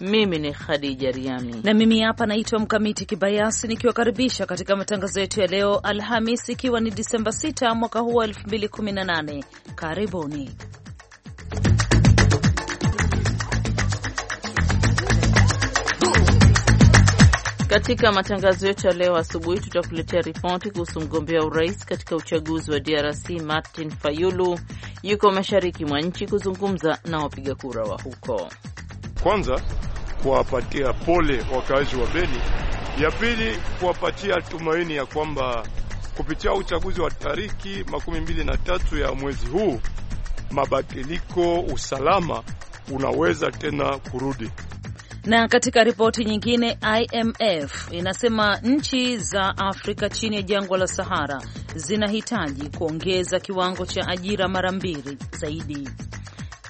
Mimi ni Khadija Riami na mimi hapa naitwa Mkamiti Kibayasi nikiwakaribisha katika matangazo yetu ya leo Alhamis, ikiwa ni Disemba 6 mwaka huu wa 2018. Karibuni. Katika matangazo yetu ya leo asubuhi tutakuletea ripoti kuhusu mgombea urais katika uchaguzi wa DRC Martin Fayulu yuko mashariki mwa nchi kuzungumza na wapiga kura wa huko kwanza kuwapatia pole wakazi wa Beni, ya pili kuwapatia tumaini ya kwamba kupitia uchaguzi wa tariki makumi mbili na tatu ya mwezi huu mabadiliko, usalama unaweza tena kurudi. Na katika ripoti nyingine, IMF inasema nchi za Afrika chini ya jangwa la Sahara zinahitaji kuongeza kiwango cha ajira mara mbili zaidi.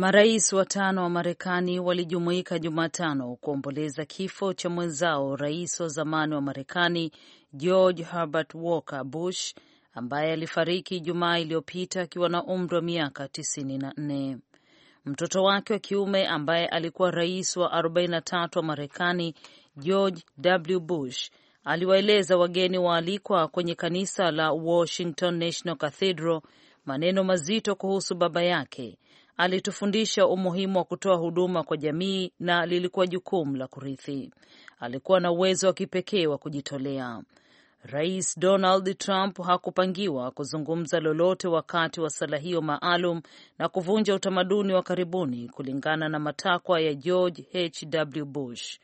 Marais watano wa Marekani walijumuika Jumatano kuomboleza kifo cha mwenzao, rais wa zamani wa Marekani George Herbert Walker Bush ambaye alifariki Ijumaa iliyopita akiwa na umri wa miaka 94. Mtoto wake wa kiume ambaye alikuwa rais wa 43 wa Marekani George W. Bush aliwaeleza wageni waalikwa kwenye kanisa la Washington National Cathedral maneno mazito kuhusu baba yake alitufundisha umuhimu wa kutoa huduma kwa jamii na lilikuwa jukumu la kurithi. Alikuwa na uwezo wa kipekee wa kujitolea. Rais Donald Trump hakupangiwa kuzungumza lolote wakati wa sala hiyo maalum na kuvunja utamaduni wa karibuni, kulingana na matakwa ya George H.W. Bush.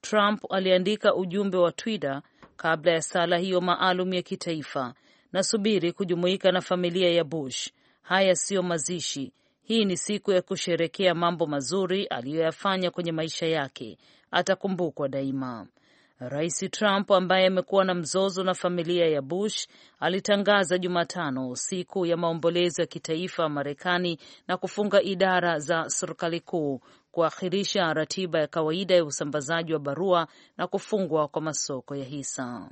Trump aliandika ujumbe wa Twitter kabla ya sala hiyo maalum ya kitaifa: nasubiri kujumuika na familia ya Bush. Haya siyo mazishi, hii ni siku ya kusherekea mambo mazuri aliyoyafanya kwenye maisha yake, atakumbukwa daima. Rais Trump ambaye amekuwa na mzozo na familia ya Bush alitangaza Jumatano siku ya maombolezo ya kitaifa Marekani na kufunga idara za serikali kuu, kuahirisha ratiba ya kawaida ya usambazaji wa barua na kufungwa kwa masoko ya hisa.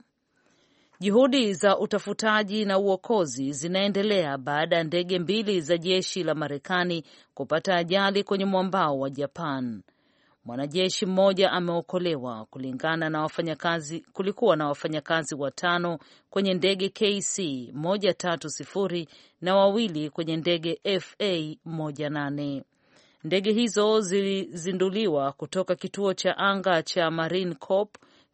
Juhudi za utafutaji na uokozi zinaendelea baada ya ndege mbili za jeshi la Marekani kupata ajali kwenye mwambao wa Japan. Mwanajeshi mmoja ameokolewa kulingana na wafanyakazi. Kulikuwa na wafanyakazi watano kwenye ndege KC 130 na wawili kwenye ndege FA 18. Ndege hizo zilizinduliwa kutoka kituo cha anga cha Marine Corps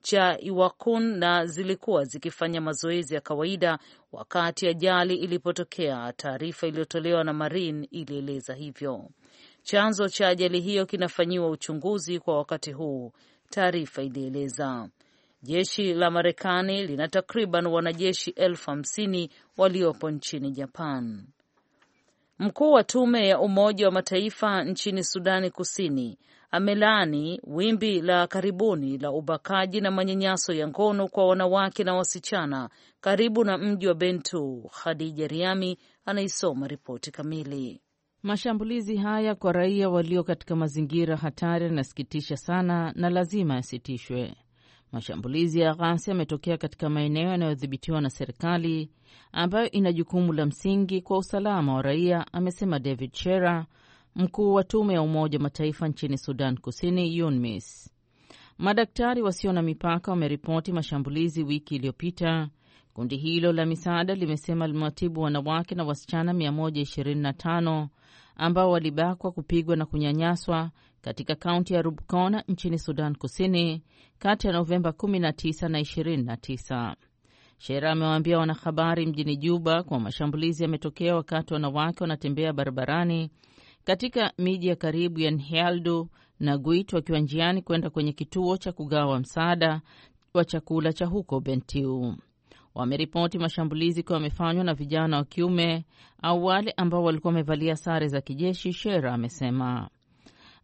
cha Iwakun na zilikuwa zikifanya mazoezi ya kawaida wakati ajali ilipotokea, taarifa iliyotolewa na Marine ilieleza hivyo. Chanzo cha ajali hiyo kinafanyiwa uchunguzi kwa wakati huu, taarifa ilieleza. Jeshi la Marekani lina takriban wanajeshi elfu hamsini waliopo nchini Japan. Mkuu wa tume ya Umoja wa Mataifa nchini Sudani Kusini amelaani wimbi la karibuni la ubakaji na manyanyaso ya ngono kwa wanawake na wasichana karibu na mji wa bentu Khadija Riami anaisoma ripoti kamili. Mashambulizi haya kwa raia walio katika mazingira hatari yanasikitisha sana na lazima yasitishwe. Mashambulizi ya ghasia yametokea katika maeneo yanayodhibitiwa na serikali ambayo ina jukumu la msingi kwa usalama wa raia, amesema David Shera, mkuu wa tume ya Umoja Mataifa nchini Sudan Kusini, UNMISS. Madaktari wasio na mipaka wameripoti mashambulizi wiki iliyopita. Kundi hilo la misaada limesema limewatibu wanawake na wasichana 125 ambao walibakwa, kupigwa na kunyanyaswa katika kaunti ya Rubkona nchini Sudan Kusini kati ya Novemba 19 na 29. Shera amewaambia wanahabari mjini Juba kuwa mashambulizi yametokea wakati wanawake wanatembea barabarani katika miji ya karibu ya Nhialdu na Gwit wakiwa njiani kwenda kwenye kituo cha kugawa msaada wa chakula cha huko Bentiu. Wameripoti mashambulizi kuwa yamefanywa na vijana wa kiume au wale ambao walikuwa wamevalia sare za kijeshi. Shera amesema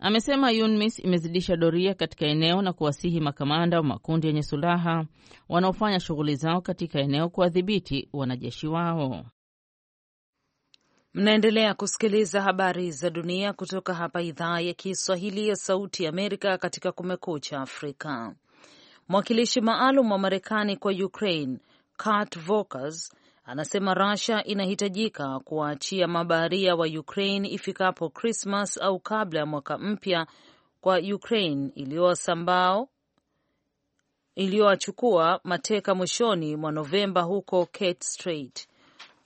Amesema UNMISS imezidisha doria katika eneo na kuwasihi makamanda wa makundi yenye silaha wanaofanya shughuli zao katika eneo kuwadhibiti wanajeshi wao. Mnaendelea kusikiliza habari za dunia kutoka hapa idhaa ya Kiswahili ya Sauti ya Amerika katika Kumekucha Afrika. Mwakilishi maalum wa Marekani kwa Ukraine Kurt Volkers anasema Russia inahitajika kuwaachia mabaharia wa Ukraine ifikapo crismas au kabla ya mwaka mpya kwa Ukraine iliyowasambao iliyowachukua mateka mwishoni mwa Novemba huko Kerch Strait.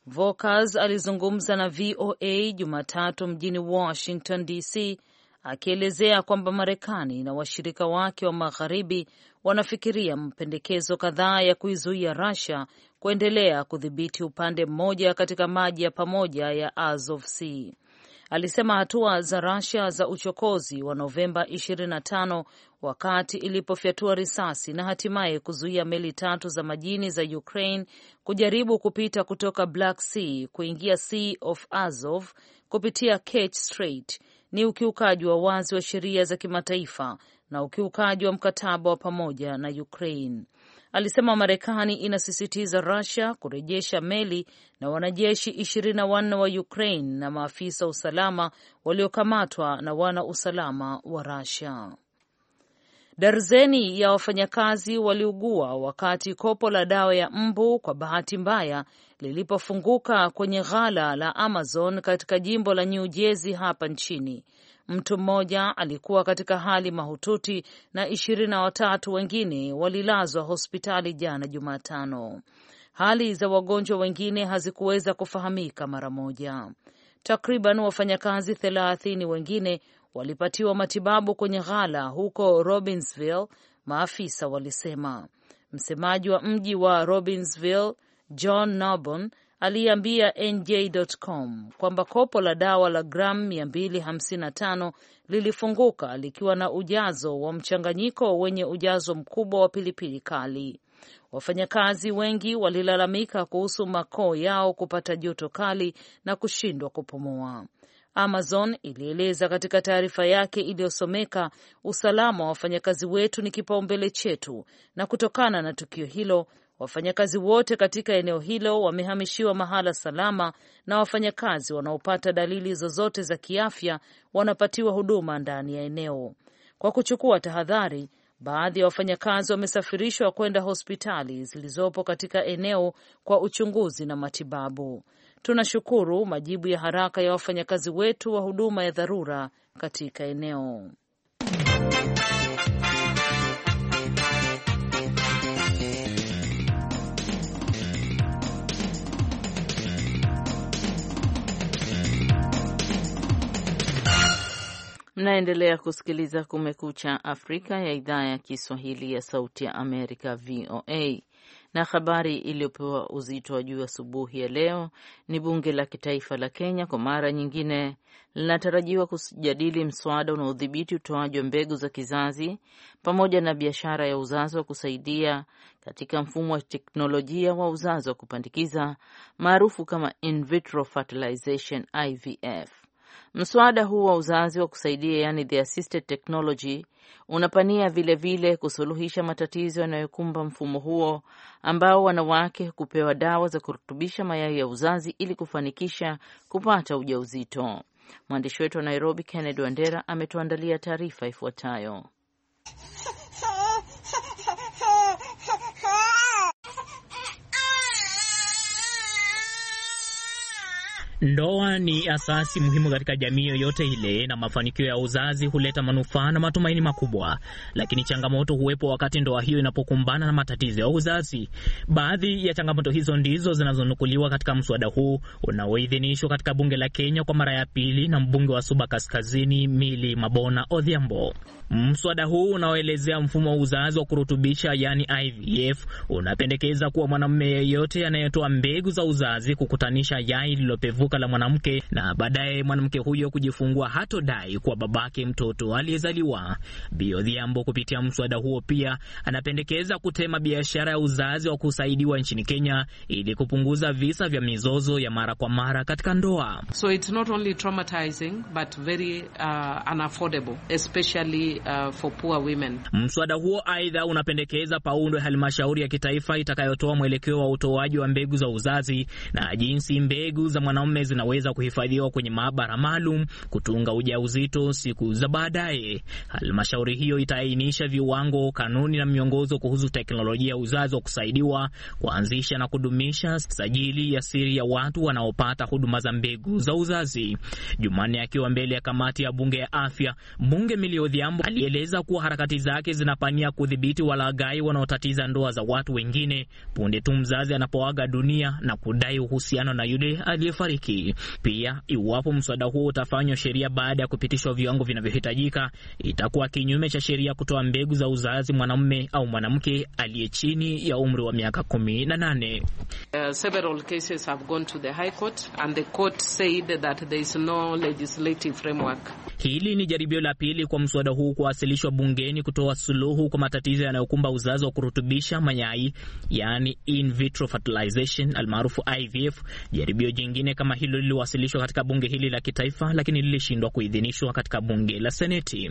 Vokers alizungumza na VOA Jumatatu mjini Washington DC akielezea kwamba Marekani na washirika wake wa magharibi wanafikiria mapendekezo kadhaa ya kuizuia Russia kuendelea kudhibiti upande mmoja katika maji ya pamoja ya Azov Sea. Alisema hatua za Russia za uchokozi wa Novemba 25 wakati ilipofyatua risasi na hatimaye kuzuia meli tatu za majini za Ukraine kujaribu kupita kutoka Black Sea kuingia Sea of Azov kupitia Kerch Strait ni ukiukaji wa wazi wa sheria za kimataifa na ukiukaji wa mkataba wa pamoja na Ukraine alisema Marekani inasisitiza rasia kurejesha meli na wanajeshi ishirini na wanne wa Ukraine na maafisa usalama waliokamatwa na wana usalama wa rasia Darzeni ya wafanyakazi waliugua wakati kopo la dawa ya mbu kwa bahati mbaya lilipofunguka kwenye ghala la Amazon katika jimbo la New Jersey hapa nchini Mtu mmoja alikuwa katika hali mahututi na ishirini na watatu wengine walilazwa hospitali jana Jumatano. Hali za wagonjwa wengine hazikuweza kufahamika mara moja. Takriban wafanyakazi thelathini wengine walipatiwa matibabu kwenye ghala huko Robbinsville, maafisa walisema. Msemaji wa mji wa Robbinsville John Nobon aliambia NJ.com kwamba kopo la dawa la gramu 255 lilifunguka likiwa na ujazo wa mchanganyiko wenye ujazo mkubwa wa pilipili kali. Wafanyakazi wengi walilalamika kuhusu makoo yao kupata joto kali na kushindwa kupumua. Amazon ilieleza katika taarifa yake iliyosomeka, usalama wa wafanyakazi wetu ni kipaumbele chetu, na kutokana na tukio hilo Wafanyakazi wote katika eneo hilo wamehamishiwa mahala salama, na wafanyakazi wanaopata dalili zozote za kiafya wanapatiwa huduma ndani ya eneo. Kwa kuchukua tahadhari, baadhi ya wafanyakazi wamesafirishwa kwenda hospitali zilizopo katika eneo kwa uchunguzi na matibabu. Tunashukuru majibu ya haraka ya wafanyakazi wetu wa huduma ya dharura katika eneo. Mnaendelea kusikiliza Kumekucha Afrika ya idhaa ya Kiswahili ya Sauti ya Amerika, VOA. Na habari iliyopewa uzito wa juu asubuhi ya leo ni bunge la kitaifa la Kenya kwa mara nyingine linatarajiwa kujadili mswada unaodhibiti utoaji wa mbegu za kizazi pamoja na biashara ya uzazi wa kusaidia katika mfumo wa teknolojia wa uzazi wa kupandikiza maarufu kama in vitro fertilization IVF. Mswada huu wa uzazi wa kusaidia yani the assisted technology unapania vilevile vile kusuluhisha matatizo yanayokumba mfumo huo ambao wanawake kupewa dawa za kurutubisha mayai ya uzazi ili kufanikisha kupata ujauzito. Mwandishi wetu wa Nairobi Kennedy Wandera ametuandalia taarifa ifuatayo. Ndoa ni asasi muhimu katika jamii yoyote ile, na mafanikio ya uzazi huleta manufaa na matumaini makubwa, lakini changamoto huwepo wakati ndoa hiyo inapokumbana na matatizo ya uzazi. Baadhi ya changamoto hizo ndizo zinazonukuliwa katika mswada huu unaoidhinishwa katika bunge la Kenya kwa mara ya pili na mbunge wa Suba Kaskazini Mili Mabona Odhiambo. Mswada huu unaoelezea mfumo wa uzazi wa kurutubisha yani IVF unapendekeza kuwa mwanamume yeyote anayetoa mbegu za uzazi kukutanisha yai lililopevuka kulipuka la mwanamke na baadaye mwanamke huyo kujifungua hatodai kwa babake mtoto aliyezaliwa. Biodhiambo kupitia mswada huo pia anapendekeza kutema biashara ya uzazi wa kusaidiwa nchini Kenya ili kupunguza visa vya mizozo ya mara kwa mara katika ndoa. So it's not only traumatizing but very uh, unaffordable especially uh, for poor women. Mswada huo aidha unapendekeza paundo ya halmashauri ya kitaifa itakayotoa mwelekeo wa utoaji wa mbegu za uzazi na jinsi mbegu za mwanaume uume zinaweza kuhifadhiwa kwenye maabara maalum kutunga ujauzito siku za baadaye. Halmashauri hiyo itaainisha viwango, kanuni na miongozo kuhusu teknolojia ya uzazi wa kusaidiwa, kuanzisha na kudumisha sajili ya siri ya watu wanaopata huduma za mbegu za uzazi. Jumanne akiwa mbele ya kamati ya bunge ya afya, mbunge Millie Odhiambo alieleza kuwa harakati zake zinapania kudhibiti walaghai wanaotatiza ndoa za watu wengine punde tu mzazi anapoaga dunia na kudai uhusiano na yule aliyefariki haki. Pia iwapo mswada huo utafanywa sheria baada ya kupitishwa viwango vinavyohitajika, itakuwa kinyume cha sheria kutoa mbegu za uzazi mwanamume au mwanamke aliye chini ya umri wa miaka kumi na nane. Hili ni jaribio la pili kwa mswada huu kuwasilishwa bungeni kutoa suluhu kwa matatizo yanayokumba uzazi wa kurutubisha mayai, yani in vitro fertilization almaarufu IVF. Jaribio jingine kama hilo liliwasilishwa katika bunge hili la kitaifa, lakini lilishindwa kuidhinishwa katika bunge la Seneti.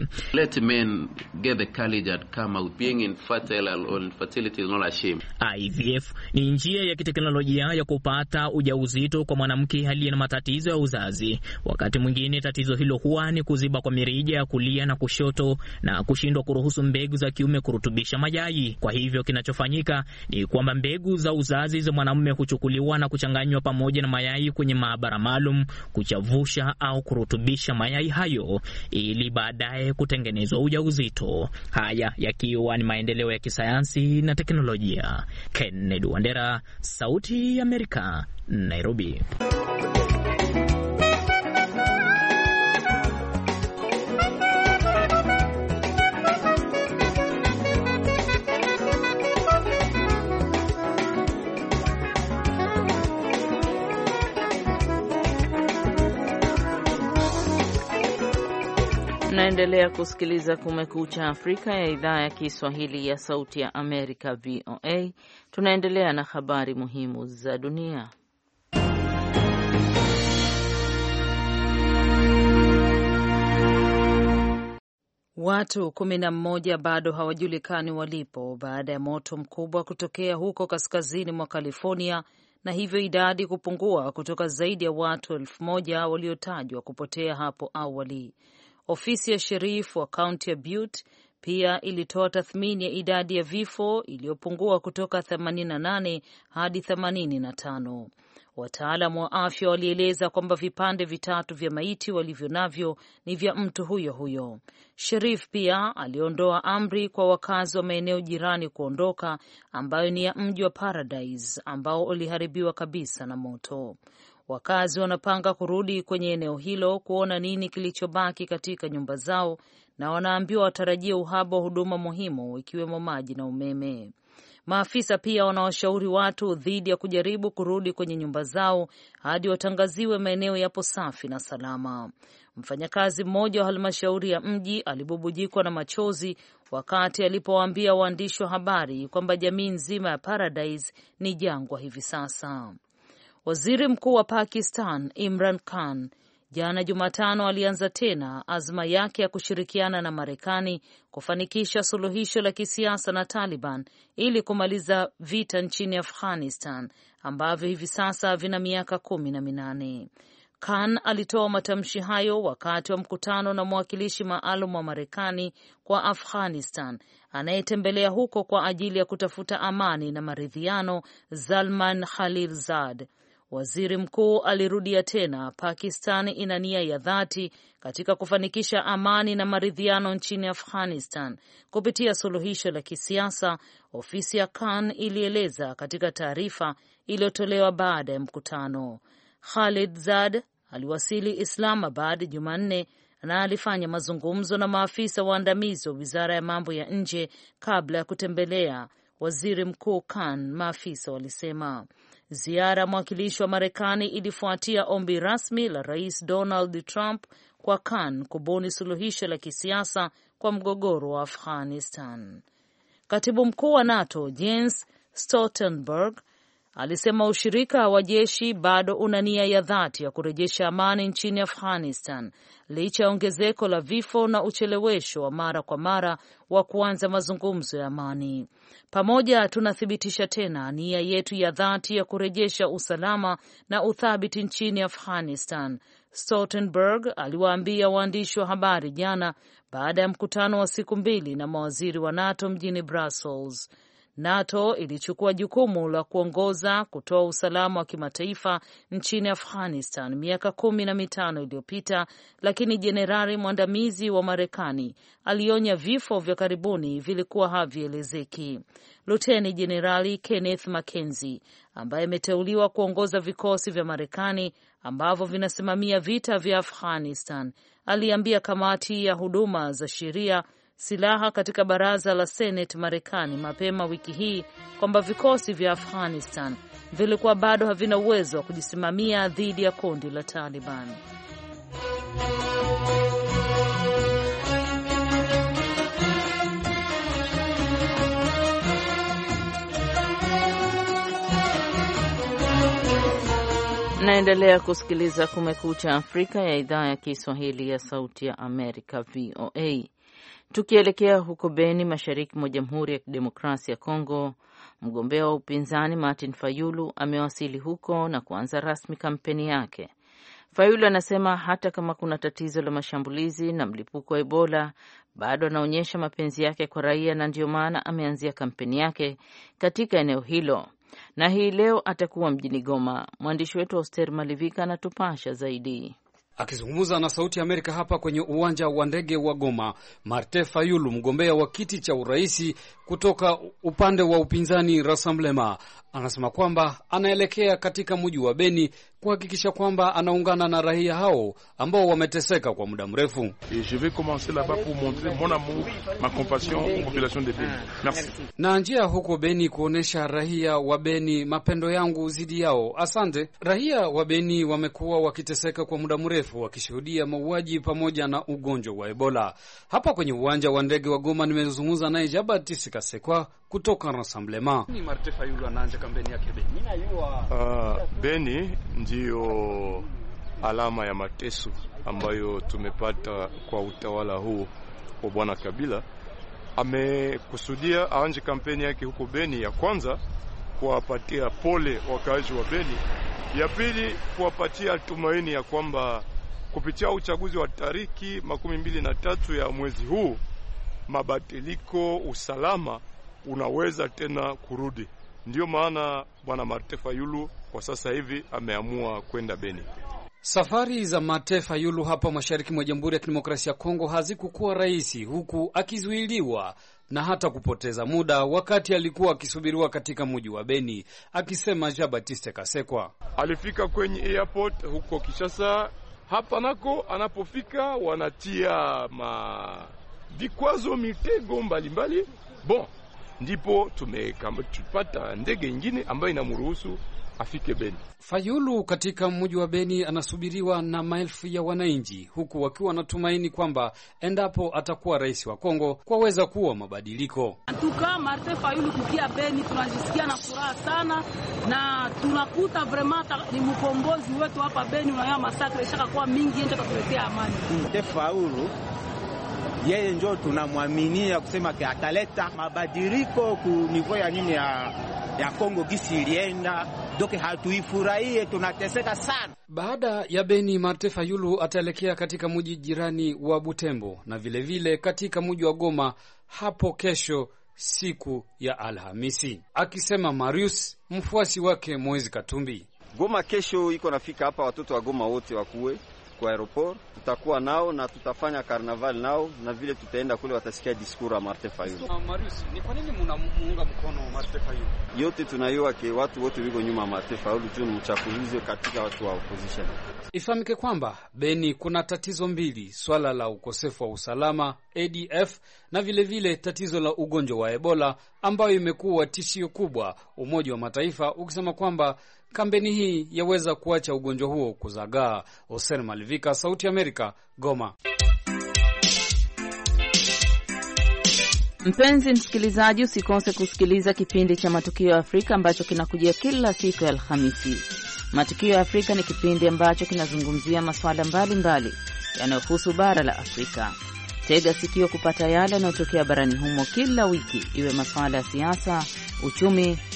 IVF ni njia ya kiteknolojia ya kupata ujauzito kwa mwanamke aliye na matatizo ya uzazi. Wakati mwingine tatizo hilo huwa ni kuziba kwa mirija ya kulia na kushoto na kushindwa kuruhusu mbegu za kiume kurutubisha mayai. Kwa hivyo kinachofanyika ni kwamba mbegu za uzazi za mwanamume huchukuliwa na kuchanganywa pamoja na mayai kwenye ma maabara maalum kuchavusha au kurutubisha mayai hayo ili baadaye kutengenezwa ujauzito. Haya yakiwa ni maendeleo ya kisayansi na teknolojia. Kennedy Wandera, Sauti ya Amerika, Nairobi. Unaendelea kusikiliza Kumekucha Afrika ya idhaa ya Kiswahili ya Sauti ya Amerika, VOA. Tunaendelea na habari muhimu za dunia. Watu kumi na mmoja bado hawajulikani walipo baada ya moto mkubwa kutokea huko kaskazini mwa California na hivyo idadi kupungua kutoka zaidi ya watu elfu moja waliotajwa kupotea hapo awali. Ofisi ya sherif wa kaunti ya Butte pia ilitoa tathmini ya idadi ya vifo iliyopungua kutoka 88 hadi 85. Wataalamu wa afya walieleza kwamba vipande vitatu vya maiti walivyo navyo ni vya mtu huyo huyo. Sherif pia aliondoa amri kwa wakazi wa maeneo jirani kuondoka, ambayo ni ya mji wa Paradise ambao uliharibiwa kabisa na moto. Wakazi wanapanga kurudi kwenye eneo hilo kuona nini kilichobaki katika nyumba zao, na wanaambiwa watarajie uhaba wa huduma muhimu ikiwemo maji na umeme. Maafisa pia wanawashauri watu dhidi ya kujaribu kurudi kwenye nyumba zao hadi watangaziwe maeneo yapo safi na salama. Mfanyakazi mmoja wa halmashauri ya mji alibubujikwa na machozi wakati alipowaambia waandishi wa habari kwamba jamii nzima ya Paradise ni jangwa hivi sasa. Waziri Mkuu wa Pakistan Imran Khan jana Jumatano alianza tena azma yake ya kushirikiana na Marekani kufanikisha suluhisho la kisiasa na Taliban ili kumaliza vita nchini Afghanistan ambavyo hivi sasa vina miaka kumi na minane. Khan alitoa matamshi hayo wakati wa mkutano na mwakilishi maalum wa Marekani kwa Afghanistan anayetembelea huko kwa ajili ya kutafuta amani na maridhiano, Zalman Khalilzad. Waziri mkuu alirudia tena, Pakistan ina nia ya dhati katika kufanikisha amani na maridhiano nchini Afghanistan kupitia suluhisho la kisiasa, ofisi ya Khan ilieleza katika taarifa iliyotolewa baada ya mkutano. Khalid Zad aliwasili Islamabad Jumanne na alifanya mazungumzo na maafisa waandamizi wa wizara ya mambo ya nje kabla ya kutembelea Waziri Mkuu Khan, maafisa walisema. Ziara ya mwakilishi wa Marekani ilifuatia ombi rasmi la Rais Donald Trump kwa Khan kubuni suluhisho la kisiasa kwa mgogoro wa Afghanistan. Katibu mkuu wa NATO Jens Stoltenberg alisema ushirika wa jeshi bado una nia ya dhati ya kurejesha amani nchini Afghanistan licha ya ongezeko la vifo na uchelewesho wa mara kwa mara wa kuanza mazungumzo ya amani. Pamoja tunathibitisha tena nia yetu ya dhati ya kurejesha usalama na uthabiti nchini Afghanistan, Stoltenberg aliwaambia waandishi wa habari jana baada ya mkutano wa siku mbili na mawaziri wa NATO mjini Brussels. NATO ilichukua jukumu la kuongoza kutoa usalama wa kimataifa nchini Afghanistan miaka kumi na mitano iliyopita, lakini jenerali mwandamizi wa Marekani alionya vifo vya karibuni vilikuwa havielezeki. Luteni Jenerali Kenneth McKenzie ambaye ameteuliwa kuongoza vikosi vya Marekani ambavyo vinasimamia vita vya Afghanistan aliambia kamati ya huduma za sheria silaha katika baraza la Seneti Marekani mapema wiki hii kwamba vikosi vya Afghanistan vilikuwa bado havina uwezo wa kujisimamia dhidi ya kundi la Taliban. Naendelea kusikiliza Kumekucha Afrika ya idhaa ya Kiswahili ya Sauti ya Amerika, VOA. Tukielekea huko Beni, mashariki mwa Jamhuri ya Kidemokrasia ya Kongo, mgombea wa upinzani Martin Fayulu amewasili huko na kuanza rasmi kampeni yake. Fayulu anasema hata kama kuna tatizo la mashambulizi na mlipuko wa Ebola, bado anaonyesha mapenzi yake kwa raia na ndiyo maana ameanzia kampeni yake katika eneo hilo, na hii leo atakuwa mjini Goma. Mwandishi wetu Oster Malivika anatupasha zaidi. Akizungumza na Sauti ya Amerika hapa kwenye uwanja wa ndege wa Goma, Marte Fayulu, mgombea wa kiti cha uraisi kutoka upande wa upinzani Rassemblement, anasema kwamba anaelekea katika mji wa Beni kuhakikisha kwamba anaungana na raia hao ambao wameteseka kwa muda mrefu. Na njia huko Beni kuonyesha raia wa Beni mapendo yangu zidi yao. Asante. Raia wa Beni wamekuwa wakiteseka kwa muda mrefu, wakishuhudia mauaji pamoja na ugonjwa wa Ebola. Hapa kwenye uwanja wa ndege wa Goma nimezungumza naye Jabati Sikasekwa kutoka Rassemblement kampeni yake Beni. Uh, ah, Beni ndiyo alama ya mateso ambayo tumepata kwa utawala huu wa Bwana Kabila. Amekusudia aanze kampeni yake huko Beni, ya kwanza kuwapatia pole wakaaji wa Beni, ya pili kuwapatia tumaini ya kwamba kupitia uchaguzi wa tariki makumi mbili na tatu ya mwezi huu mabadiliko, usalama unaweza tena kurudi. Ndiyo maana bwana Marte Fayulu kwa sasa hivi ameamua kwenda Beni. Safari za Marte Fayulu hapa mashariki mwa Jamhuri ya Kidemokrasia ya Kongo hazikukuwa rahisi, huku akizuiliwa na hata kupoteza muda wakati alikuwa akisubiriwa katika mji wa Beni, akisema Jean Baptiste Kasekwa alifika kwenye airport huko Kishasa. Hapa nako anapofika wanatia ma vikwazo mitego mbalimbali mbali. Bon, ndipo tumepata ndege nyingine ambayo inamruhusu afike Beni. Fayulu katika mji wa Beni anasubiriwa na maelfu ya wananchi, huku wakiwa wanatumaini kwamba endapo atakuwa rais wa Kongo kwaweza kuwa mabadiliko. Tuka Marte Fayulu kukia Beni, tunajisikia na furaha sana na tunakuta vraiment ni mkombozi wetu hapa Beni. Unaya masakre shaka kuwa mingi ende katuletea amani. Fayulu yeye njo tunamwaminia kusema ataleta mabadiliko ku nivo ya nini ya ya Kongo gisi ilienda doke, hatuifurahie tunateseka sana. Baada ya Beni, Marte Fayulu ataelekea katika mji jirani wa Butembo na vilevile vile katika mji wa Goma hapo kesho siku ya Alhamisi, akisema Marius mfuasi wake Moezi Katumbi. Goma kesho iko nafika hapa, watoto wa Goma wote wakuwe kwa aeroport, tutakuwa nao na tutafanya karnaval nao, na vile tutaenda kule watasikia diskura Martin Fayulu. Marius, ni kwa nini mnamuunga mkono Martin Fayulu? Yote tunaiwa ke watu wote wiko nyuma ya Martin Fayulu tu ni mchakulizo katika watu wa opposition. Ifahamike kwamba Beni kuna tatizo mbili, swala la ukosefu wa usalama ADF na vilevile vile tatizo la ugonjwa wa Ebola ambayo imekuwa tishio kubwa, Umoja wa Mataifa ukisema kwamba kampeni hii yaweza kuacha ugonjwa huo kuzagaa. Hosen Malivika, Sauti Amerika, Goma. Mpenzi msikilizaji, usikose kusikiliza kipindi cha Matukio ya Afrika ambacho kinakujia kila siku ya Alhamisi. Matukio ya Afrika ni kipindi ambacho kinazungumzia masuala mbalimbali yanayohusu bara la Afrika. Tega sikio kupata yale yanayotokea barani humo kila wiki, iwe masuala ya siasa, uchumi,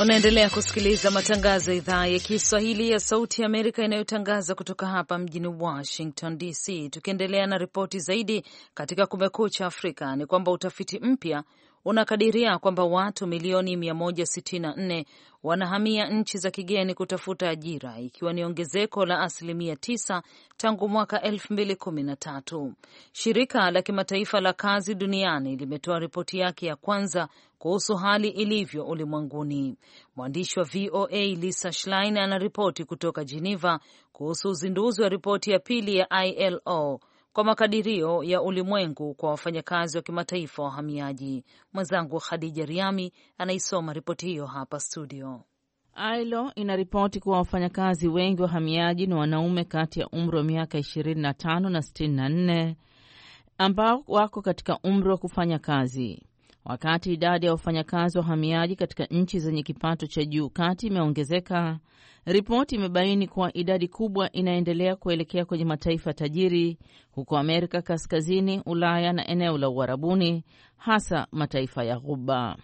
Unaendelea kusikiliza matangazo ya idhaa ya Kiswahili ya Sauti ya Amerika inayotangaza kutoka hapa mjini Washington DC. Tukiendelea na ripoti zaidi katika Kumekucha Afrika, ni kwamba utafiti mpya unakadiria kwamba watu milioni 164 wanahamia nchi za kigeni kutafuta ajira ikiwa ni ongezeko la asilimia 9 tangu mwaka 2013. Shirika la kimataifa la kazi duniani limetoa ripoti yake ya kwanza kuhusu hali ilivyo ulimwenguni. Mwandishi wa VOA Lisa Schlein anaripoti kutoka Geneva kuhusu uzinduzi wa ripoti ya pili ya ILO kwa makadirio ya ulimwengu kwa wafanyakazi wa kimataifa wa wahamiaji. Mwenzangu Khadija Riami anaisoma ripoti hiyo hapa studio. ILO inaripoti kuwa wafanyakazi wengi wahamiaji ni wanaume kati ya umri wa miaka 25 na 64 ambao wako katika umri wa kufanya kazi. Wakati idadi ya wafanyakazi wahamiaji katika nchi zenye kipato cha juu kati imeongezeka, ripoti imebaini kuwa idadi kubwa inaendelea kuelekea kwenye mataifa tajiri huko Amerika Kaskazini, Ulaya na eneo la Uarabuni, hasa mataifa ya Ghuba.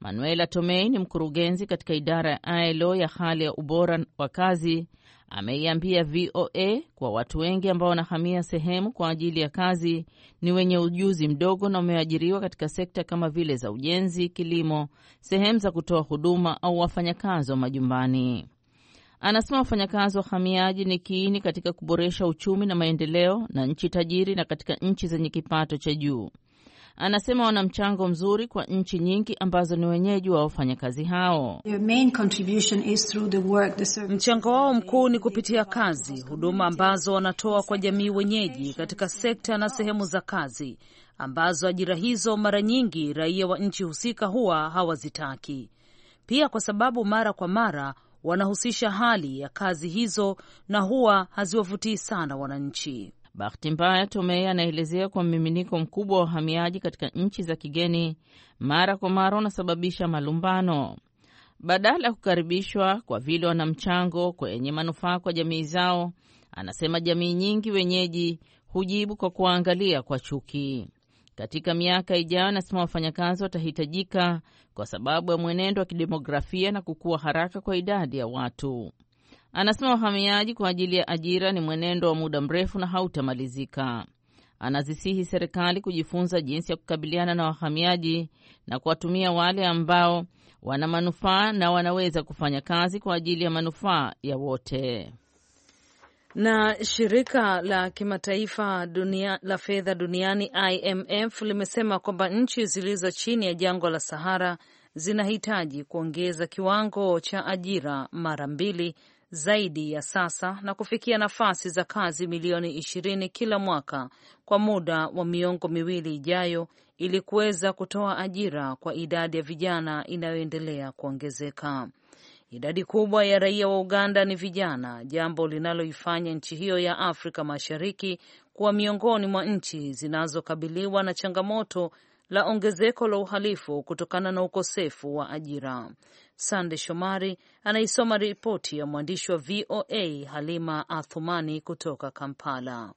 Manuela Tomei ni mkurugenzi katika idara ya ILO ya hali ya ubora wa kazi ameiambia VOA kwa watu wengi ambao wanahamia sehemu kwa ajili ya kazi ni wenye ujuzi mdogo na wameajiriwa katika sekta kama vile za ujenzi, kilimo, sehemu za kutoa huduma au wafanyakazi wa majumbani. Anasema wafanyakazi wa hamiaji ni kiini katika kuboresha uchumi na maendeleo na nchi tajiri na katika nchi zenye kipato cha juu. Anasema wana mchango mzuri kwa nchi nyingi ambazo ni wenyeji wa wafanyakazi hao. Mchango wao mkuu ni kupitia kazi, huduma ambazo wanatoa kwa jamii wenyeji katika sekta na sehemu za kazi ambazo ajira hizo mara nyingi raia wa nchi husika huwa hawazitaki. Pia kwa sababu mara kwa mara wanahusisha hali ya kazi hizo na huwa haziwavutii sana wananchi. Bahati mbaya, Tomei anaelezea kwa mmiminiko mkubwa wa wahamiaji katika nchi za kigeni mara kwa mara unasababisha malumbano badala ya kukaribishwa kwa vile wana mchango kwenye manufaa kwa jamii zao. Anasema jamii nyingi wenyeji hujibu kwa kuwaangalia kwa chuki. Katika miaka ijayo, anasema wafanyakazi watahitajika kwa sababu ya mwenendo wa kidemografia na kukua haraka kwa idadi ya watu. Anasema wahamiaji kwa ajili ya ajira ni mwenendo wa muda mrefu na hautamalizika. Anazisihi serikali kujifunza jinsi ya kukabiliana na wahamiaji na kuwatumia wale ambao wana manufaa na wanaweza kufanya kazi kwa ajili ya manufaa ya wote. Na shirika la kimataifa dunia, la fedha duniani IMF limesema kwamba nchi zilizo chini ya jangwa la Sahara zinahitaji kuongeza kiwango cha ajira mara mbili zaidi ya sasa na kufikia nafasi za kazi milioni ishirini kila mwaka kwa muda wa miongo miwili ijayo ili kuweza kutoa ajira kwa idadi ya vijana inayoendelea kuongezeka. Idadi kubwa ya raia wa Uganda ni vijana, jambo linaloifanya nchi hiyo ya Afrika Mashariki kuwa miongoni mwa nchi zinazokabiliwa na changamoto la ongezeko la uhalifu kutokana na ukosefu wa ajira. Sande Shomari anaisoma ripoti ya mwandishi wa VOA Halima Athumani kutoka Kampala.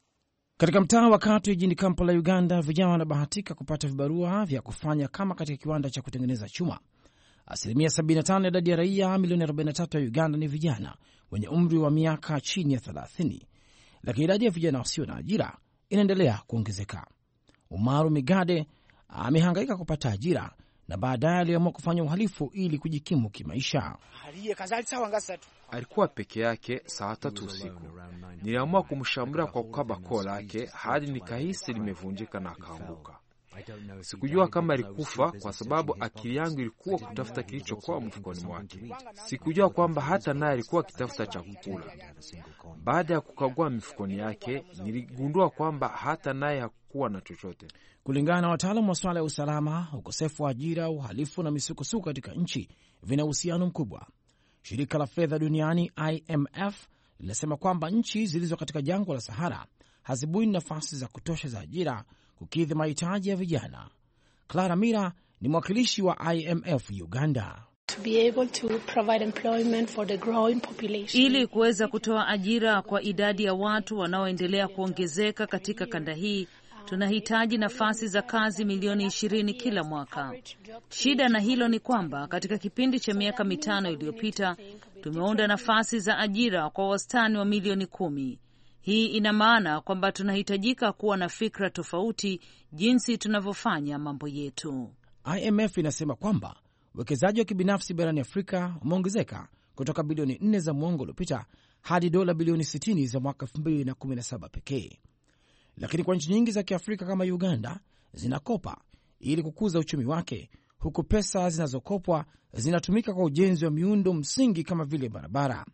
Katika mtaa wa Katu jijini Kampala, Uganda, vijana wanabahatika kupata vibarua vya kufanya kama katika kiwanda cha kutengeneza chuma. Asilimia 75 ya idadi ya raia milioni 43 ya Uganda ni vijana wenye umri wa miaka chini ya 30, lakini idadi ya vijana wasio na ajira inaendelea kuongezeka. Umaru Migade amehangaika kupata ajira na baadaye aliamua kufanya uhalifu ili kujikimu kimaisha. Alikuwa peke yake saa tatu usiku. Niliamua kumshamra kwa kukaba koo lake hadi nikahisi limevunjika na akaanguka. Sikujua kama alikufa kwa sababu akili yangu ilikuwa kutafuta kilichokuwa mfukoni mwake. Sikujua kwamba hata naye alikuwa akitafuta cha kukula. Baada ya kukagua mifukoni yake, niligundua kwamba hata naye kuwa na chochote. Kulingana na wataalam wa swala ya usalama, ukosefu wa ajira, uhalifu na misukosuko katika nchi vina uhusiano mkubwa. Shirika la fedha duniani IMF linasema kwamba nchi zilizo katika jangwa la Sahara hazibuni nafasi za kutosha za ajira kukidhi mahitaji ya vijana. Clara Mira ni mwakilishi wa IMF Uganda. To be able to provide employment for the growing population. Ili kuweza kutoa ajira kwa idadi ya watu wanaoendelea kuongezeka katika kanda hii, tunahitaji nafasi za kazi milioni ishirini kila mwaka. Shida na hilo ni kwamba katika kipindi cha miaka mitano iliyopita tumeunda nafasi za ajira kwa wastani wa milioni kumi. Hii ina maana kwamba tunahitajika kuwa na fikra tofauti jinsi tunavyofanya mambo yetu. IMF inasema kwamba uwekezaji wa kibinafsi barani Afrika umeongezeka kutoka bilioni 4 za mwongo uliopita hadi dola bilioni 60 za mwaka 2017 pekee lakini kwa nchi nyingi za Kiafrika kama Uganda zinakopa ili kukuza uchumi wake, huku pesa zinazokopwa zinatumika kwa ujenzi wa miundo msingi kama vile barabara.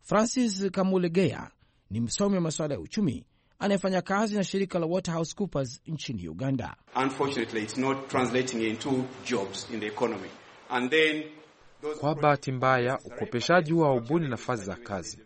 Francis Kamulegeya ni msomi wa masuala ya uchumi anayefanya kazi na shirika la WaterhouseCoopers nchini Uganda. Kwa bahati mbaya, ukopeshaji huwa haubuni nafasi za kazi.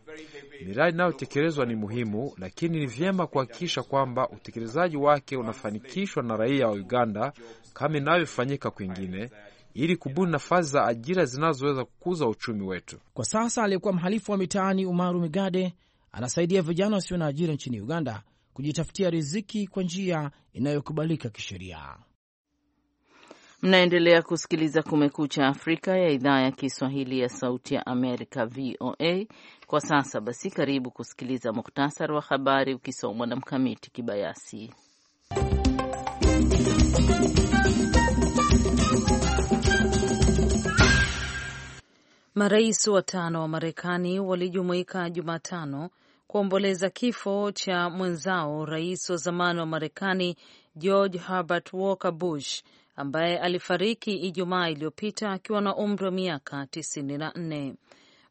Miradi inayotekelezwa ni muhimu, lakini ni vyema kuhakikisha kwamba utekelezaji wake unafanikishwa na raia wa Uganda kama inavyofanyika kwingine ili kubuni nafasi za ajira zinazoweza kukuza uchumi wetu. Kwa sasa, aliyekuwa mhalifu wa mitaani Umaru Migade anasaidia vijana wasio na ajira nchini Uganda kujitafutia riziki kwa njia inayokubalika kisheria. Mnaendelea kusikiliza Kumekucha Afrika ya idhaa ya Kiswahili ya Sauti ya Amerika, VOA. Kwa sasa basi, karibu kusikiliza muhtasari wa habari ukisomwa na Mkamiti Kibayasi. Marais watano wa Marekani walijumuika Jumatano kuomboleza kifo cha mwenzao rais wa zamani wa Marekani George Herbert Walker Bush ambaye alifariki Ijumaa iliyopita akiwa na umri wa miaka 94.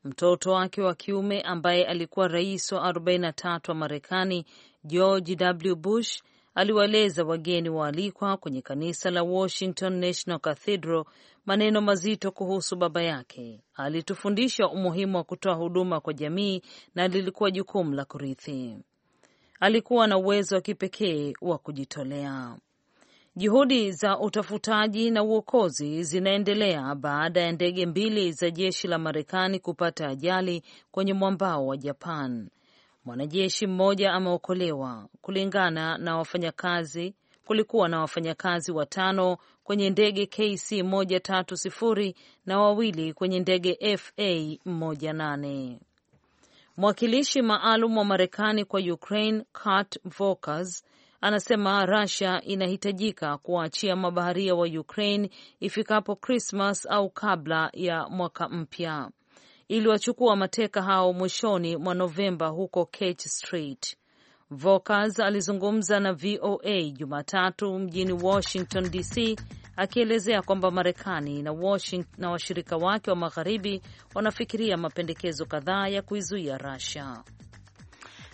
Mtoto wake wa kiume ambaye alikuwa rais wa 43 wa Marekani George W. Bush aliwaeleza wageni waalikwa kwenye kanisa la Washington National Cathedral maneno mazito kuhusu baba yake. Alitufundisha umuhimu wa kutoa huduma kwa jamii na lilikuwa jukumu la kurithi. Alikuwa na uwezo wa kipekee wa kujitolea. Juhudi za utafutaji na uokozi zinaendelea baada ya ndege mbili za jeshi la Marekani kupata ajali kwenye mwambao wa Japan. Mwanajeshi mmoja ameokolewa kulingana na wafanyakazi. Kulikuwa na wafanyakazi watano kwenye ndege KC 130 na wawili kwenye ndege FA 18. Mwakilishi maalum wa Marekani kwa Ukraine Kurt Volkers anasema Russia inahitajika kuwaachia mabaharia wa Ukraine ifikapo Krismas au kabla ya mwaka mpya. Iliwachukua mateka hao mwishoni mwa Novemba huko Kerch Street. Vokaz alizungumza na VOA Jumatatu mjini Washington DC akielezea kwamba Marekani na Washington na washirika wake wa magharibi wanafikiria mapendekezo kadhaa ya kuizuia Russia.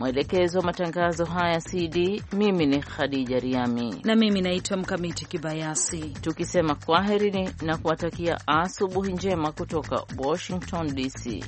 Mwelekezo wa matangazo haya CD, mimi ni Khadija Riami na mimi naitwa Mkamiti Kibayasi, tukisema kwaherini na kuwatakia asubuhi njema kutoka Washington DC.